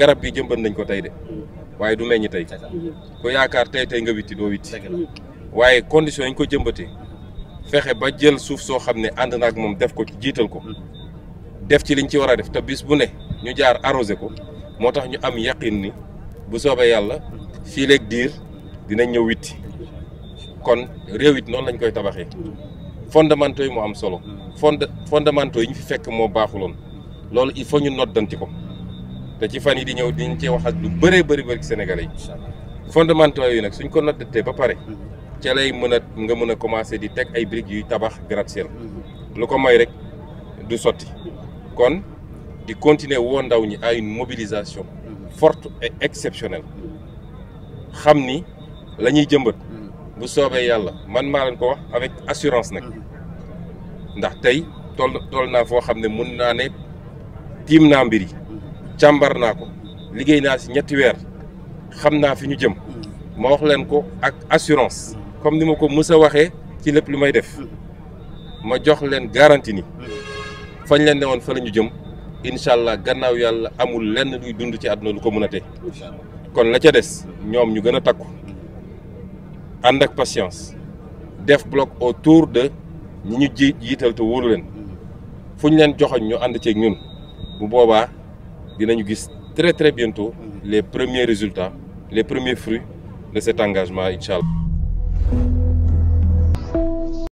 garab gi jëmbat nañ ko tey de mm. waaye du meññ tey ku yaakaar tey tey nga witti doo witti waaye condition yi ñu ko jëmbatee fexe ba jël suuf soo xam ne ànd na ak moom def ko ci jiital ko def ci liñ ci war a def te bis bu ne ñu jaar arrosé ko moo tax ñu am yaqin ni bu soobee yàlla fii léeg diir dinañ ñëw witti kon réew it noonu lañ koy tabaxee fondamentaux yi moo am solo mm. fond fondamentaux yi ñu fi fekk moo baaxuloon loolu il faut ñu noddanti ko te ci fan yi di ñëw diñ cee waxaat lu bëré bëri bëri Sénégalais inshallah fondamentaux yi nak suñ ko nottatee ba paré ci lay mëna nga mëna commencer di teg ay brique yu tabax gratte-ciel lu ko may rek du soti kon di continuer wo ndaw ñi ay une mobilisation forte et exceptionnelle xamni lañuy jëmbat bu soobee yalla man ma lañ ko wax avec assurance nak ndax tay tol tol na fo xam mën na ne tiim mbiri càmbar naa ko liggéey naa si ñetti weer xam naa fi ñu jëm ma wax leen ko ak assurance comme ni ma ko mës a waxee ci lépp lu may def ma jox leen garantie ni fañ leen ne woon fa la ñu jëm incha allah gannaaw yàlla amul lenn luy dund ci àdduna lu ko mën a te kon la ca des ñoom ñu gën a takku ànd ak patience def bloc autour de ñi ñu jiital te wóoru leen fu ñu leen joxoñ ñu ànd ceeg ñun bu boobaa Nous très très bientôt les premiers résultats les premiers fruits de cet engagement à